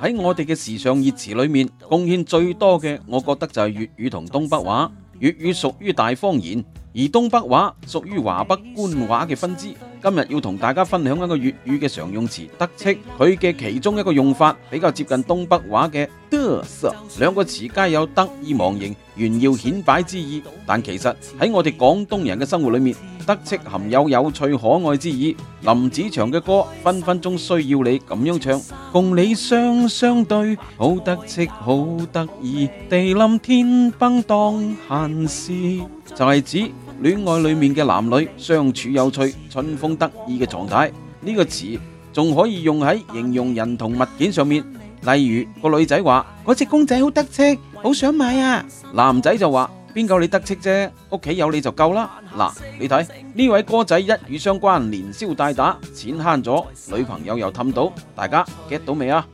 喺我哋嘅時尚熱詞裏面，貢獻最多嘅，我覺得就係粵語同東北話。粵語屬於大方言，而東北話屬於華北官話嘅分支。今日要同大家分享一個粵語嘅常用詞，得戚，佢嘅其中一個用法比較接近東北話嘅得瑟，兩個詞皆有得意忘形、炫耀顯擺之意。但其實喺我哋廣東人嘅生活裏面，得戚含有有趣可愛之意。林子祥嘅歌分分鐘需要你咁樣唱，共你雙雙對，好得戚，好得意，地冧天崩當閒事，就係指戀愛裏面嘅男女相處有趣，春風得意嘅狀態，呢個詞仲可以用喺形容人同物件上面。例如，個女仔話：嗰隻公仔好得戚，好想買啊！男仔就話：邊夠你得戚啫？屋企有你就夠啦。嗱，你睇，呢位哥仔一語相關，連消帶打，錢慳咗，女朋友又氹到，大家 get 到未啊？